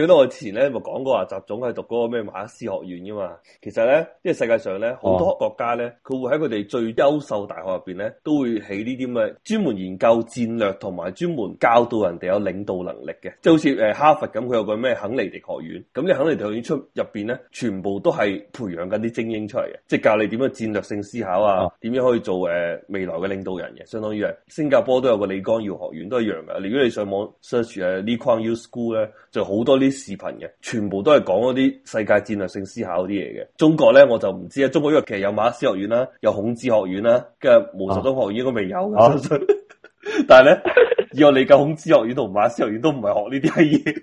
記得我之前咧咪講過話，習總係讀嗰個咩馬克思學院噶嘛？其實咧，因為世界上咧好多國家咧，佢會喺佢哋最優秀大學入邊咧，都會起呢啲咁嘅專門研究戰略同埋專門教導人哋有領導能力嘅。就好似誒哈佛咁，佢有個咩肯尼迪學院。咁你肯尼迪學院出入邊咧，全部都係培養緊啲精英出嚟嘅，即係教你點樣戰略性思考啊，點樣可以做誒未來嘅領導人嘅。相當於係，新加坡都有個李光耀學院都一樣嘅。如果你上網 search 誒 Lee Kuan Yew School 咧，就好多呢。.視頻嘅全部都係講嗰啲世界戰略性思考啲嘢嘅。中國咧我就唔知啦。中國因為其實有馬克思主義學院啦，有孔子學院啦，跟住毛澤東學院應該未有，啊、以 但係咧呢 以我理解，孔子學院同馬克思主義學院都唔係學呢啲嘢。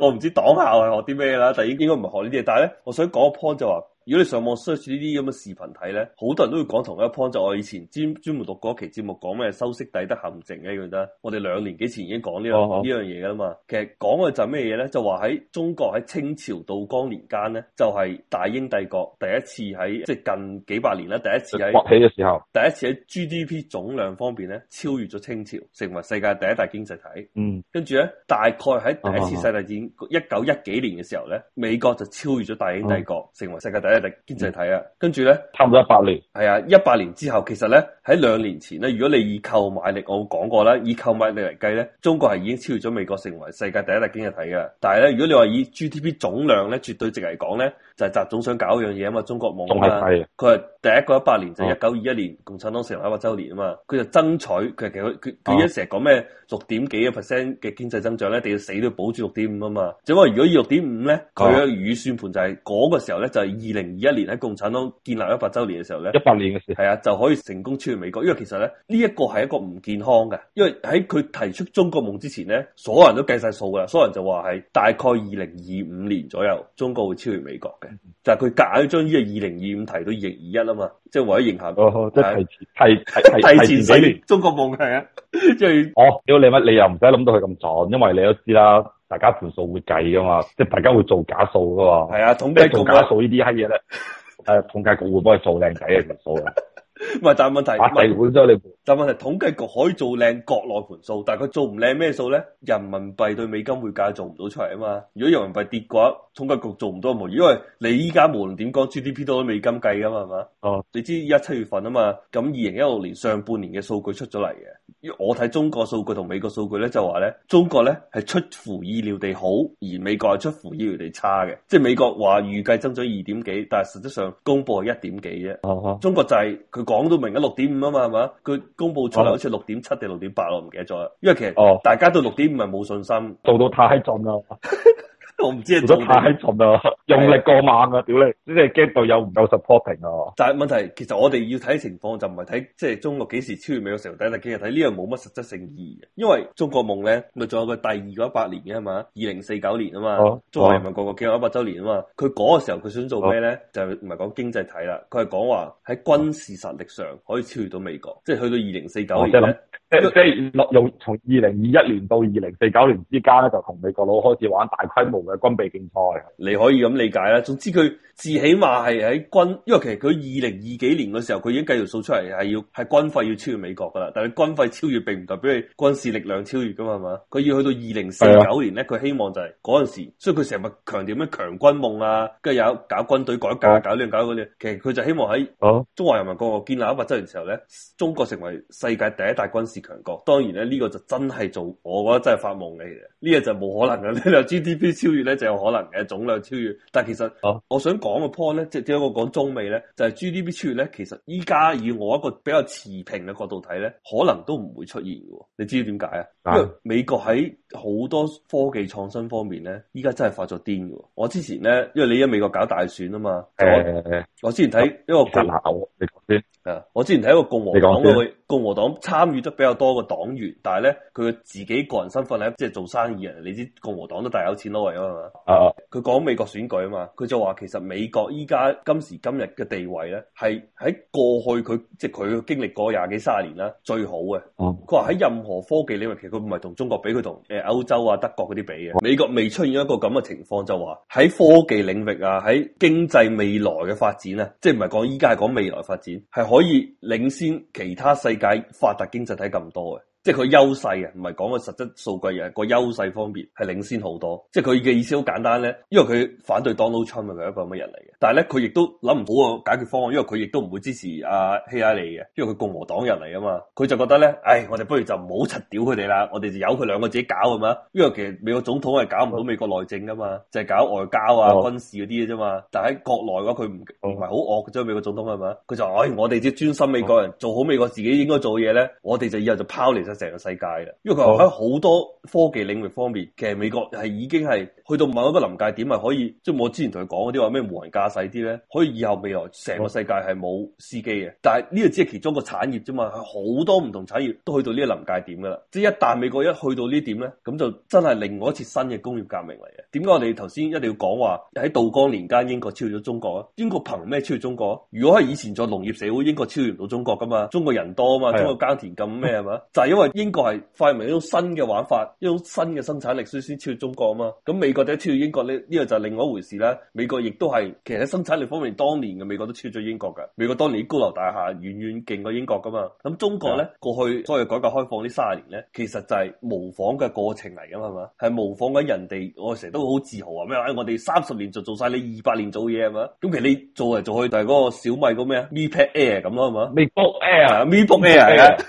我唔知黨校係學啲咩啦，但係應該唔係學呢啲嘢。但係咧，我想講個 point 就話、是。如果你上網 search 呢啲咁嘅視頻睇咧，好多人都會講同一 point，就是、我以前專專門讀過一期節目講咩修昔底德陷阱嘅咁樣啦。我哋兩年幾前已經講呢樣呢樣嘢噶啦嘛。其實講嘅就係咩嘢咧？就話喺中國喺清朝道光年間咧，就係、是、大英帝國第一次喺即係近幾百年啦，第一次喺崛起嘅時候，第一次喺 GDP 總量方面咧超越咗清朝，成為世界第一大經濟體。嗯、uh，跟住咧大概喺第一次世界戰一九一幾年嘅時候咧，美國就超越咗大英帝國，uh huh. 成為世界第一。第一大經濟體啊，跟住咧，呢差唔多一百年。係啊，一百年之後，其實咧喺兩年前咧，如果你以購買力，我講過啦，以購買力嚟計咧，中國係已經超越咗美國，成為世界第一大經濟體嘅。但係咧，如果你話以 GDP 總量咧，絕對值嚟講咧。但係習總想搞一樣嘢啊嘛，中國夢啦。佢係第一個一百年就係一九二一年共產黨成立一百周年啊嘛，佢、啊、就爭取佢，其實佢佢一成日講咩六點幾嘅 percent 嘅經濟增長咧，一定要死都要保住六點五啊嘛。即係話如果要六點五咧，佢嘅預算盤就係嗰個時候咧，就係二零二一年喺共產黨建立一百周年嘅時候咧，一百年嘅事係啊，就可以成功超越美國。因為其實咧呢一個係一個唔健康嘅，因為喺佢提出中國夢之前咧，所有人都計晒數噶啦，所有人就話係大概二零二五年左右中國會超越美國嘅。就係佢夾硬將呢個二零二五提到二零二一啊嘛，即係為咗迎合、那個， 即係提提提提前實現 中國夢想啊！即 係 哦，屌你乜，你又唔使諗到佢咁蠢，因為你都知啦，大家盤數會計噶嘛，即係大家會做假數噶嘛，係啊，統計做假數呢啲閪嘢咧，誒，統計局會幫佢做靚仔嘅數啊。唔係 但係問題，啊，本真你。但問題，統計局可以做靚國內盤數，但佢做唔靚咩數咧？人民幣對美金匯價做唔到出嚟啊嘛！如果人民幣跌嘅話，統計局做唔到冇，因為你依家無論點講 GDP 都係美金計噶嘛，係、啊、嘛？哦，你知依家七月份啊嘛，咁二零一六年上半年嘅數據出咗嚟嘅。我睇中國數據同美國數據咧，就話咧，中國咧係出乎意料地好，而美國係出乎意料地差嘅。即係美國話預計增長二點幾，但係實質上公佈係一點幾啫。啊啊、中國就係佢講到明嘅六點五啊嘛，係嘛？佢。公布出來好似六點七定六點八，我唔記得咗。因為其實大家都六點五係冇信心，做到太盡啦， 我唔知係做唔做到太盡啦。對用力過猛啊！屌你，你哋驚到有唔夠 supporting 啊？但係問題，其實我哋要睇情況，就唔係睇即係中國幾時超越美國時候，但係其實睇呢樣冇乜實質性意義。因為中國夢咧，咪仲有個第二個一百年嘅係嘛，二零四九年啊嘛，中華人民共和國建國一百周年啊嘛，佢嗰個時候佢想做咩咧？啊、就唔係講經濟體啦，佢係講話喺軍事實力上可以超越到美國，啊、即係去到二零四九年咧。啊、即係為即係落用從二零二一年到二零四九年之間咧，就同美國佬開始玩大規模嘅軍備競賽。你可以咁。理解啦，總之佢。最起碼係喺軍，因為其實佢二零二幾年嘅時候，佢已經繼續數出嚟係要係軍費要超越美國噶啦。但係軍費超越並唔代表你軍事力量超越噶嘛，係嘛？佢要去到二零四九年咧，佢的希望就係嗰陣時，所以佢成日強調咩強軍夢啊，跟住有搞軍隊改革、啊、搞呢、搞嗰啲。其實佢就希望喺中華人民共和國建立一百周年時候咧，中國成為世界第一大軍事強國。當然咧，呢、這個就真係做，我覺得真係發夢嚟嘅。呢嘢、這個、就冇可能嘅，呢、這、係、個、GDP 超越咧就有可能嘅總量超越。但係其實，我想、啊。講個 point 咧，即係點解我講中美咧，就係、是、GDP 出現咧，其實依家以我一個比較持平嘅角度睇咧，可能都唔會出現嘅。你知點解啊？因為美國喺好多科技創新方面咧，依家真係發咗癲㗎。我之前咧，因為你喺美國搞大選啊嘛，我、哎哎哎哎、我之前睇一個，你講先啊，我之前睇一個共和黨嘅共和黨參與得比較多嘅黨員，但係咧佢自己個人身份咧，即、就、係、是、做生意人。你知共和黨都大有錢攞位啊嘛，啊，佢講美國選舉啊嘛，佢就話其實。美國依家，今時今日嘅地位咧，係喺過去佢即係佢經歷過廿幾三十年啦，最好嘅。佢話喺任何科技領域，其實佢唔係同中國比，佢同誒歐洲啊、德國嗰啲比嘅。美國未出現一個咁嘅情況，就話喺科技領域啊，喺經濟未來嘅發展啊，即係唔係講依家，係講未來發展，係可以領先其他世界發達經濟體咁多嘅。即係佢優勢啊，唔係講個實質數據嘅個優勢方面係領先好多。即係佢嘅意思好簡單咧，因為佢反對 Donald Trump 係佢一個乜人嚟嘅，但係咧佢亦都諗唔到個解決方案，因為佢亦都唔會支持阿希拉利嘅，因為佢共和黨人嚟啊嘛。佢就覺得咧，唉、哎，我哋不如就唔好柒屌佢哋啦，我哋就由佢兩個自己搞咁嘛。因為其實美國總統係搞唔到美國內政噶嘛，就係、是、搞外交啊、哦、軍事嗰啲嘅啫嘛。但喺國內嘅話，佢唔唔係好惡嘅啫美國總統係嘛，佢就唉、哎，我哋只專心美國人、嗯、做好美國自己應該做嘅嘢咧，我哋就以後就拋嚟。成個世界嘅，因為佢喺好多。科技領域方面，其實美國係已經係去到某一個臨界點，咪可以即係我之前同佢講嗰啲話咩無人駕駛啲咧，可以以後未來成個世界係冇司機嘅。但係呢個只係其中一個產業啫嘛，好多唔同產業都去到呢個臨界點噶啦。即係一旦美國一去到呢點咧，咁就真係另外一次新嘅工業革命嚟嘅。點解我哋頭先一定要講話喺道光年間英國超越咗中國啊？英國憑咩超越中國？如果係以前在農業社會，英國超越唔到中國噶嘛？中國人多啊嘛，中國耕田咁咩係嘛？是的 就係因為英國係發明一種新嘅玩法。一種新嘅生產力，所先超越中國啊嘛。咁美國點超越英國呢？呢個就另外一回事啦。美國亦都係，其實喺生產力方面，當年嘅美國都超越咗英國噶。美國當年高樓大廈遠遠勁過英國噶嘛。咁中國咧，過去所謂改革開放呢三十年咧，其實就係模仿嘅過程嚟噶嘛，係嘛？係模仿緊人哋。我成日都好自豪啊咩話？我哋三十年就做晒你二百年做嘢係嘛？咁其實你做嚟做去就係嗰個小米個咩啊？Mi Pad Air 咁咯，係嘛？Mi Book Air，Mi Book Air 係啊的。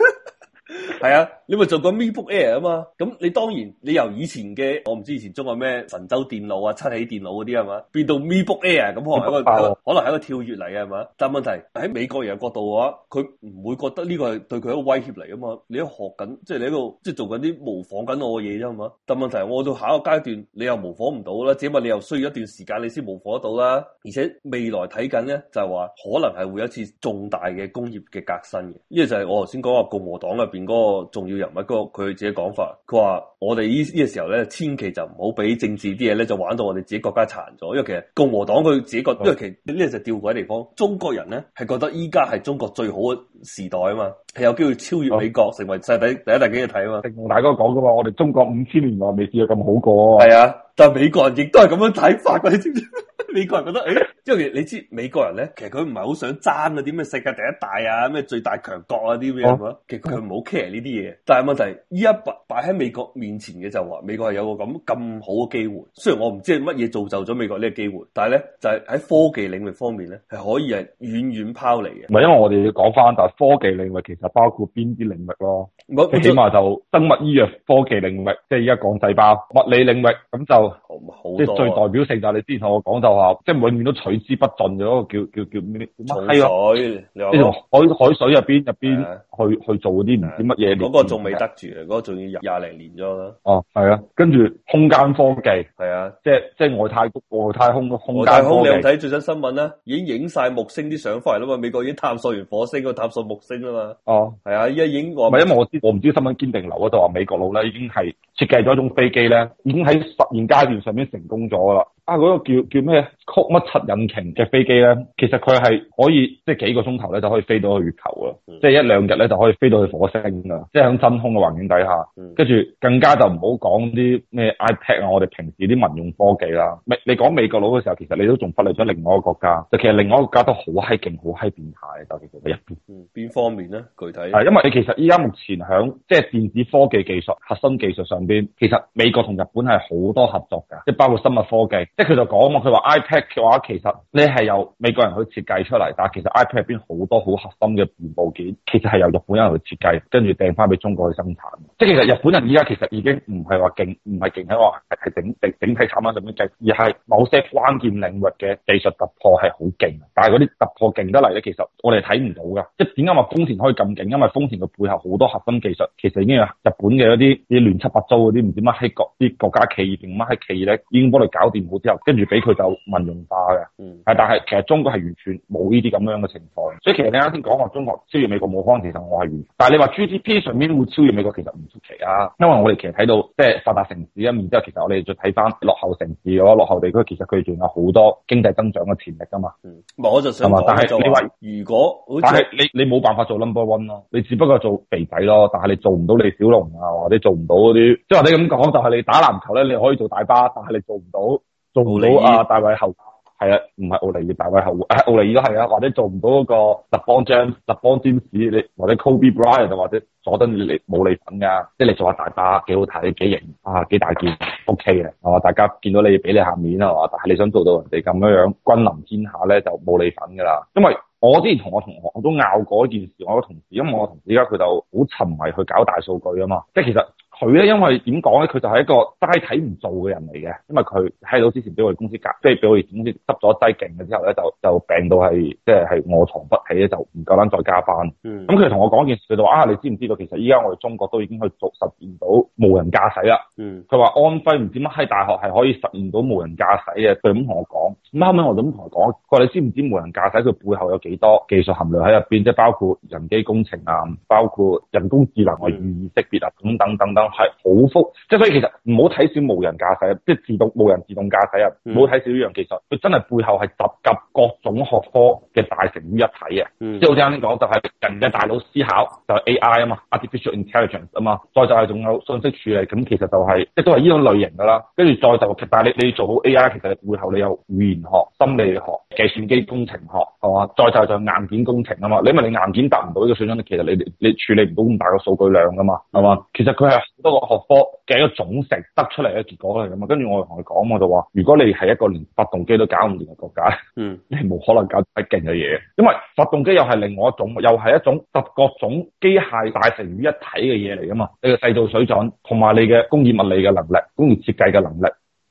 係啊的。的 你咪做緊 MacBook Air 啊嘛，咁你當然你由以前嘅，我唔知以前中國咩神舟電腦啊、七喜電腦嗰啲，係嘛？變到 MacBook Air 咁，可能一個、嗯、可能係一個跳躍嚟嘅，係嘛？但問題喺美國人嘅角度嘅話，佢唔會覺得呢個係對佢一個威脅嚟啊嘛，你學緊即係你喺度即係做緊啲模仿緊我嘅嘢啫嘛，但問題我到下一個階段你又模仿唔到啦，起碼你又需要一段時間你先模仿得到啦，而且未來睇緊咧就係、是、話可能係會有一次重大嘅工業嘅革新嘅，呢個就係我頭先講啊共和黨入邊嗰個重要。人物嗰佢自己講法，佢話：我哋呢依個時候咧，千祈就唔好俾政治啲嘢咧，就玩到我哋自己國家殘咗。因為其實共和黨佢自己覺得，嗯、因為其呢個就吊詭地方。中國人咧係覺得依家係中國最好嘅時代啊嘛，係有機會超越美國，嗯、成為世界第第一大經濟體啊嘛。大哥講噶嘛，我哋中國五千年來未試過咁好過。係啊。.但係美國人亦都係咁樣睇法㗎，你知唔知？ 美國人覺得誒、欸，因為你知美國人咧，其實佢唔係好想爭嗰啲咩世界第一大啊，咩最大強國啊啲咩、啊啊、其實佢唔好 care 呢啲嘢。但係問題依一擺擺喺美國面前嘅就話，美國係有個咁咁好嘅機會。雖然我唔知係乜嘢造就咗美國呢個機會，但係咧就係、是、喺科技領域方面咧係可以係遠遠拋離嘅。唔係，因為我哋要講翻，但係科技領域其實包括邊啲領域咯？即係是起碼就生物醫藥科技領域，即係依家講細胞物理領域咁就。即係、啊、最代表性就係你之前同我講就話，即、就、係、是、永遠都取之不盡嘅嗰個叫叫叫咩？海水，你從海海水入邊入邊去、啊、去，去做嗰啲唔知乜嘢？嗰個仲未得住、那個、啊，嗰個仲要廿零年咗啦。哦，係啊，跟住空間科技，係啊，即係即係外，外太空，空間外太空空間科技。你有冇睇最新新聞咧？已經影晒木星啲相翻嚟啦嘛，美國已經探索完火星，個探索木星啦嘛。哦，係啊，一影、啊、我咪因為我知我唔知新聞堅定流嗰度話，美國佬咧已經係設計咗一種飛機咧，已經喺實驗階段上面成功咗啦。啊！嗰、那個叫叫咩？曲乜七引擎嘅飛機咧，其實佢係可以即係幾個鐘頭咧就可以飛到去月球啊，嗯、即係一兩日咧就可以飛到去火星啊！嗯、即係喺真空嘅環境底下，跟住、嗯、更加就唔好講啲咩 iPad 啊，我哋平時啲民用科技啦。你講美國佬嘅時候，其實你都仲忽略咗另外一個國家，就其實另外一個國家都好閪勁，好閪變態啊！就其實喺一邊，邊、嗯、方面咧？具體係因為你其實依家目前響即係電子科技技術核心技術上邊，其實美國同日本係好多合作噶，即係包括生物科技。即係佢就講嘛，佢話 iPad 嘅話，其實你係由美國人去設計出嚟，但係其實 iPad 入邊好多好核心嘅元部件，其實係由日本人去設計，跟住掟翻俾中國去生產。即係其實日本人依家其實已經唔係話勁，唔係勁喺話係整整整體產品上面計，而係某些關鍵領域嘅技術突破係好勁。但係嗰啲突破勁得嚟咧，其實我哋睇唔到噶。即係點解話豐田可以咁勁？因為豐田嘅背後好多核心技術，其實已經係日本嘅一啲啲亂七八糟嗰啲，唔知乜喺各啲國家企業定乜喺企業咧，已經幫你搞掂好。跟住俾佢就民用化嘅，係、嗯，但係其實中國係完全冇呢啲咁樣嘅情況，所以其實你啱先講話中國超越美國冇可能，其實我係完。但係你話 GDP 上面會超越美國，其實唔出奇啊，因為我哋其實睇到即係發達城市一面之後，其實我哋就睇翻落後城市嘅話落後地區，其實佢仲有好多經濟增長嘅潛力㗎嘛。唔、嗯，吧我就想講就係你話如果好，但係你你冇辦法做 number one 咯，你只不過做肥仔咯。但係你做唔到李小龍啊，或者做唔到嗰啲，即係你咁講就係你打籃球咧，你可以做大巴，但係你做唔到。做唔到啊，啊，大衛后，係啊，唔係奧尼爾大衛后，誒，奧尼爾都係啊，或者做唔到嗰個特邦 James、特邦 James，你或者 Kobe Bryant 或者佐敦你冇你份噶，即係你做下大霸，幾好睇，幾型啊，幾大件，OK 嘅，係啊嘛，大家見到你俾你下面啊嘛，但係你想做到人哋咁樣樣，君臨天下咧就冇你份噶啦，因為我之前同我同學，我都拗過一件事，我個同事，因為我個同事而家佢就好沉迷去搞大數據啊嘛，即係其實。佢咧，因為點講咧，佢就係一個齋睇唔做嘅人嚟嘅。因為佢喺到之前俾我哋公司隔，即係俾我哋公司執咗低勁嘅之後咧，就就病到係即係係卧床不起咧，就唔夠膽再加班。咁佢同我講件事，佢就話：啊，你知唔知道其實依家我哋中國都已經去實驗到無人駕駛啦？佢話、嗯、安徽唔知乜喺大學係可以實驗到無人駕駛嘅，佢咁同我講。咁後尾我就咁同佢講，佢話你知唔知無人駕駛佢背後有幾多技術含量喺入邊？即係包括人機工程啊，包括人工智能啊，語義識別啊，等等等等。係好福，即係所以其實唔好睇少無人駕駛啊，即係自動無人自動駕駛啊，唔好睇少呢樣技術，佢真係背後係集各種學科嘅大成於一體嘅。即係好似啱先講，就係、是、人嘅大腦思考就係、是、A I 啊嘛，Artificial Intelligence 啊嘛，再就係仲有信息處理，咁其實就係、是、即都係呢種類型㗎啦。跟住再就係，但係你你要做好 A I，其實背後你有語言學、心理學、計算機工程學係嘛？再就係硬件工程啊嘛。你咪你硬件達唔到呢個水準，其實你你你處理唔到咁大個數據量㗎嘛，係嘛？其實佢係。多個學科嘅一個總成得出嚟嘅結果嚟噶嘛？跟住我同佢講，我就話：如果你係一個連發動機都搞唔掂嘅國家，嗯，你係冇可能搞得勁嘅嘢。因為發動機又係另外一種，又係一種特各種機械大成於一體嘅嘢嚟啊嘛。你嘅製造水準同埋你嘅工業物理嘅能力、工業設計嘅能力，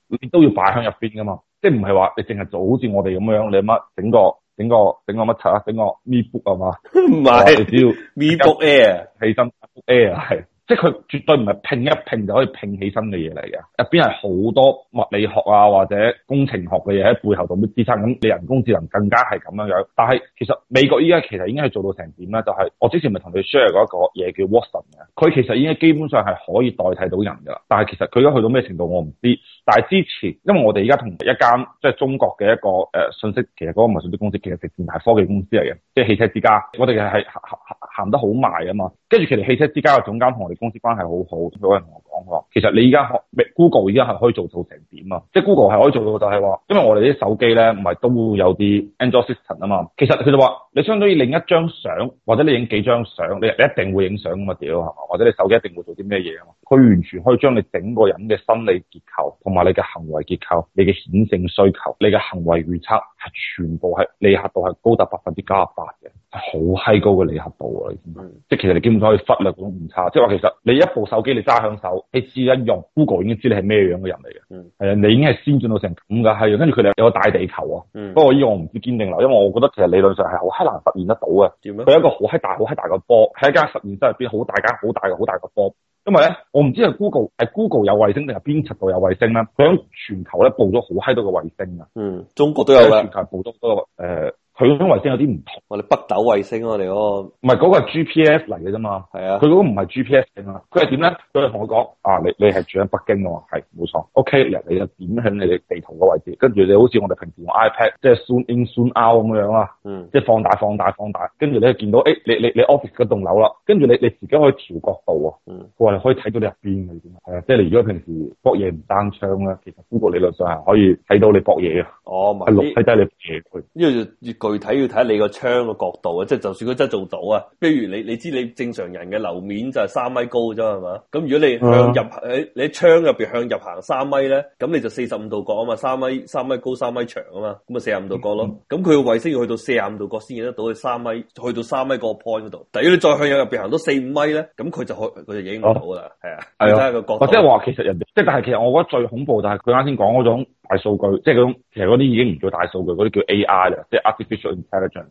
你都要擺向入邊噶嘛。即係唔係話你淨係做好似我哋咁樣你乜整個整個整個乜柒啊？整個 mebook 係嘛？唔係 是，只要 mebook air，起身 mebook air 係。即係佢絕對唔係拼一拼就可以拼起身嘅嘢嚟嘅，入邊係好多物理學啊或者工程學嘅嘢喺背後度咁支撐。咁你人工智能更加係咁樣樣，但係其實美國依家其實已經係做到成點咧，就係、是、我之前咪同你 share 過一個嘢叫 Watson 嘅，佢其實已經基本上係可以代替到人噶啦。但係其實佢而家去到咩程度我唔知。但係之前，因為我哋而家同一間即係中國嘅一個誒、呃、信息，其實嗰個唔係信息公司，其實直情係科技公司嚟嘅，即係汽車之家。我哋係行，行，行，行得好埋啊嘛，跟住其實汽車之家嘅總監同我哋公司關係好好，佢有人同我講話，其實你而家 Google 依家係可以做到成點啊？即係 Google 係可以做到就係話，因為我哋啲手機咧唔係都有啲 Android System 啊嘛。其實佢就話你相當於另一張相，或者你影幾張相，你一定會影相咁嘛？屌，或者你手機一定會做啲咩嘢啊？嘛？佢完全可以將你整個人嘅心理結構同埋你嘅行為結構、你嘅顯性需求、你嘅行為預測係全部係離合度係高達百分之九十八嘅，好閪高嘅離合度啊！你知唔知？嗯、即係其實你基本上可以忽略嗰種誤差。即係話其實你一部手機你揸響手，你試一用，Google 已經知你係咩樣嘅人嚟嘅。係啊、嗯，你已經係先進到成咁噶，係跟住佢哋有個大地球啊。嗯、不過呢個我唔知堅定啦，因為我覺得其實理論上係好閪難實現得到嘅。佢嗎一個好閪大、好閪大嘅波，喺間實驗室入邊好大、間好大、好大嘅波。因為咧，我唔知係 Google 係 Google 有衛星定係邊柒度有衛星咧。佢響全球咧佈咗好閪多嘅衛星啊。嗯，中國都有啦，全球佈咗好多誒。呃佢嗰種衛星有啲唔同，我哋北斗衛星、啊，我哋嗰個唔係嗰個係 G P S 嚟嘅啫嘛，係啊，佢嗰個唔係 G P S 嚟嘛，佢係點咧？佢係同我講，啊，你你係住喺北京嘅嘛？係，冇錯，O K，嚟，okay, 你就點響你哋地圖個位置，跟住，你好似我哋平時用 iPad，即係 zoom in zoom out 咁樣啊，即係放大、放大、放大，跟住你又見到，誒、欸，你你你 office 嗰棟樓啦，跟住你你，你自己可以調角度啊，嗯，佢話，你可以睇到你入邊嘅，係啊，即係你如果平時博嘢唔單槍咧，其實中國理論上係可以睇到你博嘢嘅，哦，咪，睇低你博嘢佢，因為。具體要睇你個窗個角度啊，即、就、係、是、就算佢真係做到啊，譬如你你知你正常人嘅樓面就係三米高嘅啫係嘛，咁如果你向入喺、uh huh. 你窗入邊向入行三米咧，咁你就四十五度角啊嘛，三米三米高三米長啊嘛，咁啊四十五度角咯，咁佢個衛星要去到四十五度角先影得到去三米，去到三米個 point 嗰度，但如果你再向右入邊行到四五米咧，咁佢就可佢就影唔到啦，係、uh huh. 啊，其他、啊、個角即係話其實人哋，即係但係其實我覺得最恐怖就係佢啱先講嗰種大數據，即係嗰種其實嗰啲已經唔叫大數據，嗰啲叫 AI 啦，即係。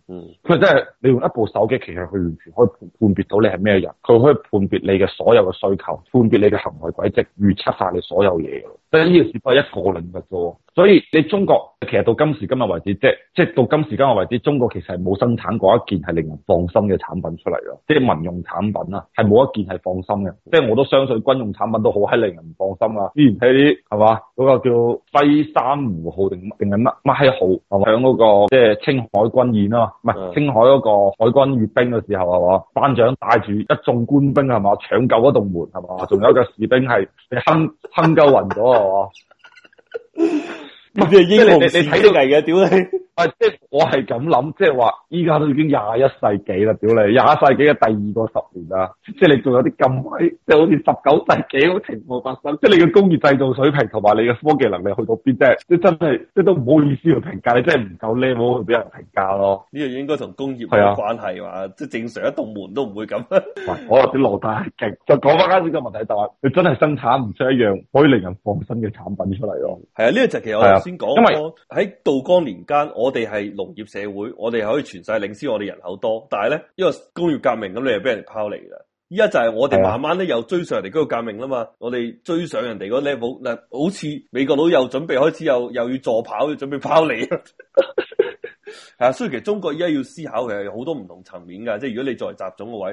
嗯，佢真係你用一部手機，其實佢完全可以判判別到你係咩人，佢可以判別你嘅所有嘅需求，判別你嘅行為軌跡，預測下你所有嘢。但呢件事都係一個 level 啫，所以你中國其實到今時今日為止，即即到今時今日為止，中國其實係冇生產過一件係令人放心嘅產品出嚟咯，即係民用產品啊，係冇一件係放心嘅。即係我都相信軍用產品都好閪令人放心啊！之前睇啲係嘛，嗰、嗰個叫飛山湖號定定係乜乜係號，響嗰、嗰個即係青海軍演咯，唔係青海嗰個海軍閱兵嘅時候係嘛？班長帶住一眾官兵係嘛，搶救嗰度門係嘛，仲有一個士兵係你坑坑鳩暈咗。 我， 你係英雄事跡嚟嘅，屌你！係即係我係咁諗，即係話依家都已經廿一世紀啦，屌你廿一世紀嘅第二個十年啦，即係你仲有啲咁鬼，即係好似十九世紀嗰種情況發生，即係你嘅工業製造水平同埋你嘅科技能力去到邊，即係真係，即係都唔好意思去評價，你真係唔夠 level 去俾人評價咯。呢樣嘢應該同工業係有關係話，即係正常一道門都唔會咁、啊。 我話啲羅大勁，就講翻啱先嘅問題就話，你真係生產唔出一樣可以令人放心嘅產品出嚟咯。係啊，呢、這個就其實我頭先講、啊，因為喺道光年間我哋係農業社會，我哋可以全世領先，我哋人口多，但係咧，因為工業革命咁，你又俾人拋離啦。依家就係我哋慢慢咧又追上人哋嗰個革命啦嘛，我哋追上人哋嗰 level 嗱，好似美國佬又準備開始又又要助跑，又準備拋離啦。係啊，所以其實中國依家要思考嘅係好多唔同層面噶，即係如果你作為習總個位。